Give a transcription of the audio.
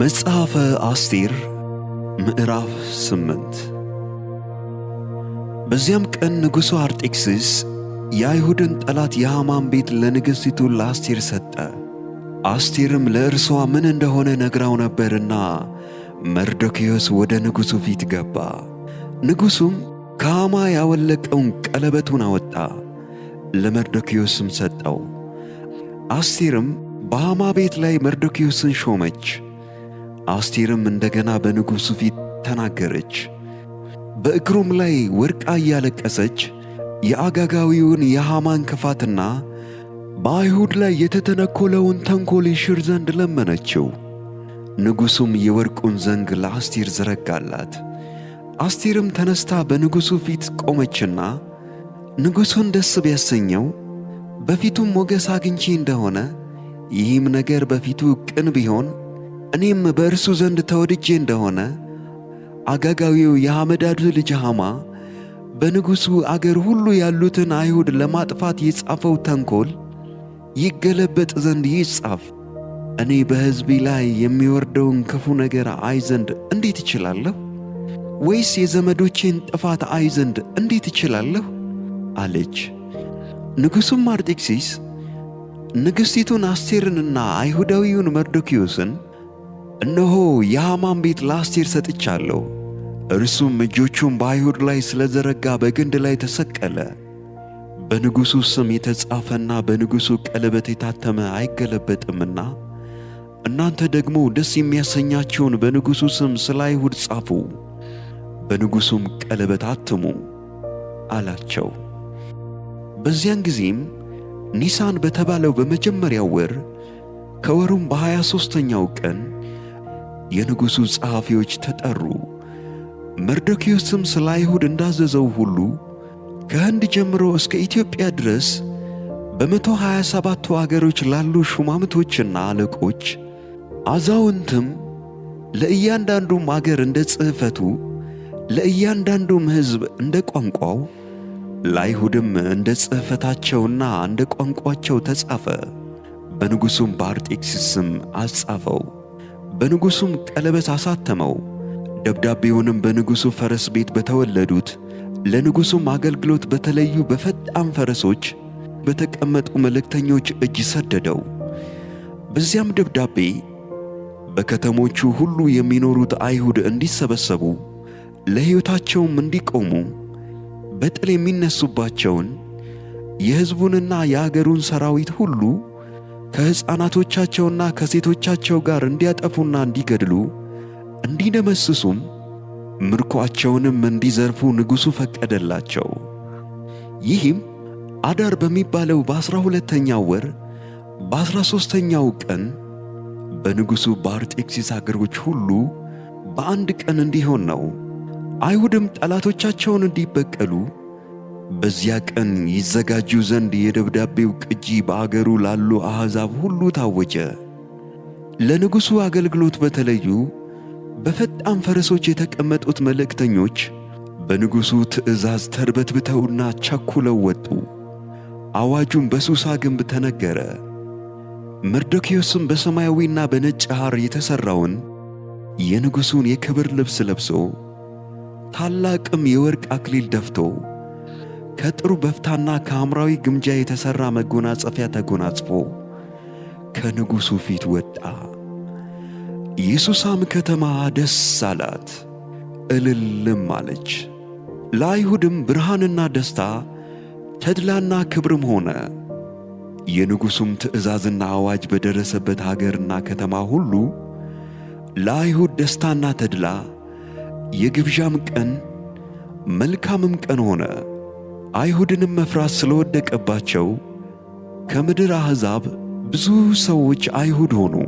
መጽሐፈ አስቴር ምዕራፍ ስምንት በዚያም ቀን ንጉሡ አርጤክስስ የአይሁድን ጠላት የሐማን ቤት ለንግሥቲቱ ለአስቴር ሰጠ። አስቴርም ለእርሷ ምን እንደሆነ ነግራው ነበርና መርዶክዮስ ወደ ንጉሡ ፊት ገባ። ንጉሡም ከሐማ ያወለቀውን ቀለበቱን አወጣ፣ ለመርዶክዮስም ሰጠው። አስቴርም በሐማ ቤት ላይ መርዶክዮስን ሾመች። አስቴርም እንደገና በንጉሡ ፊት ተናገረች። በእግሩም ላይ ወድቃ እያለቀሰች የአጋጋዊውን የሐማን ክፋትና በአይሁድ ላይ የተተነኮለውን ተንኮል ይሽር ዘንድ ለመነችው። ንጉሡም የወርቁን ዘንግ ለአስቴር ዘረጋላት። አስቴርም ተነስታ በንጉሡ ፊት ቆመችና ንጉሡን ደስ ቢያሰኘው በፊቱም ሞገስ አግኝቼ እንደሆነ ይህም ነገር በፊቱ ቅን ቢሆን እኔም በእርሱ ዘንድ ተወድጄ እንደሆነ አጋጋዊው የሐመዳዱ ልጅ ሐማ በንጉሡ አገር ሁሉ ያሉትን አይሁድ ለማጥፋት የጻፈው ተንኮል ይገለበጥ ዘንድ ይጻፍ። እኔ በሕዝቤ ላይ የሚወርደውን ክፉ ነገር አይ ዘንድ እንዴት እችላለሁ? ወይስ የዘመዶቼን ጥፋት አይ ዘንድ እንዴት እችላለሁ? አለች። ንጉሡም አርጤክሲስ ንግሥቲቱን አስቴርንና አይሁዳዊውን መርዶኪዮስን እነሆ የሐማን ቤት ለአስቴር ሰጥቻለሁ። እርሱም እጆቹን በአይሁድ ላይ ስለዘረጋ በግንድ ላይ ተሰቀለ። በንጉሡ ስም የተጻፈና በንጉሡ ቀለበት የታተመ አይገለበጥምና እናንተ ደግሞ ደስ የሚያሰኛቸውን በንጉሡ ስም ስለ አይሁድ ጻፉ፣ በንጉሡም ቀለበት አትሙ አላቸው። በዚያን ጊዜም ኒሳን በተባለው በመጀመሪያው ወር ከወሩም በ23ኛው ሦስተኛው ቀን የንጉሡ ጸሐፊዎች ተጠሩ። መርዶክዮስም ስለ አይሁድ እንዳዘዘው ሁሉ ከህንድ ጀምሮ እስከ ኢትዮጵያ ድረስ በመቶ ሀያ ሰባቱ አገሮች ላሉ ሹማምቶችና አለቆች አዛውንትም ለእያንዳንዱም አገር እንደ ጽሕፈቱ ለእያንዳንዱም ሕዝብ እንደ ቋንቋው ለአይሁድም እንደ ጽሕፈታቸውና እንደ ቋንቋቸው ተጻፈ። በንጉሡም በአርጤክስስ ስም በንጉሡም ቀለበት አሳተመው። ደብዳቤውንም በንጉሡ ፈረስ ቤት በተወለዱት ለንጉሡም አገልግሎት በተለዩ በፈጣን ፈረሶች በተቀመጡ መልእክተኞች እጅ ሰደደው። በዚያም ደብዳቤ በከተሞቹ ሁሉ የሚኖሩት አይሁድ እንዲሰበሰቡ፣ ለሕይወታቸውም እንዲቆሙ፣ በጥል የሚነሱባቸውን የሕዝቡንና የአገሩን ሠራዊት ሁሉ ከሕፃናቶቻቸውና ከሴቶቻቸው ጋር እንዲያጠፉና እንዲገድሉ እንዲደመስሱም ምርኮአቸውንም እንዲዘርፉ ንጉሡ ፈቀደላቸው። ይህም አዳር በሚባለው በዐሥራ ሁለተኛው ወር በዐሥራ ሦስተኛው ቀን በንጉሡ በአርጤክስስ አገሮች ሁሉ በአንድ ቀን እንዲሆን ነው። አይሁድም ጠላቶቻቸውን እንዲበቀሉ በዚያ ቀን ይዘጋጁ ዘንድ የደብዳቤው ቅጂ በአገሩ ላሉ አሕዛብ ሁሉ ታወጀ። ለንጉሡ አገልግሎት በተለዩ በፈጣን ፈረሶች የተቀመጡት መልእክተኞች በንጉሡ ትእዛዝ ተርበትብተውና ቸኩለው ወጡ። አዋጁም በሱሳ ግንብ ተነገረ። መርዶክዮስም በሰማያዊና በነጭ ሐር የተሠራውን የንጉሡን የክብር ልብስ ለብሶ ታላቅም የወርቅ አክሊል ደፍቶ ከጥሩ በፍታና ከሐምራዊ ግምጃ የተሠራ መጎናጸፊያ ተጎናጽፎ ከንጉሡ ፊት ወጣ። የሱሳም ከተማ ደስ አላት፣ እልልም አለች። ለአይሁድም ብርሃንና ደስታ ተድላና ክብርም ሆነ። የንጉሡም ትእዛዝና አዋጅ በደረሰበት አገርና ከተማ ሁሉ ለአይሁድ ደስታና ተድላ የግብዣም ቀን መልካምም ቀን ሆነ። አይሁድንም መፍራት ስለወደቀባቸው ከምድር አሕዛብ ብዙ ሰዎች አይሁድ ሆኑ።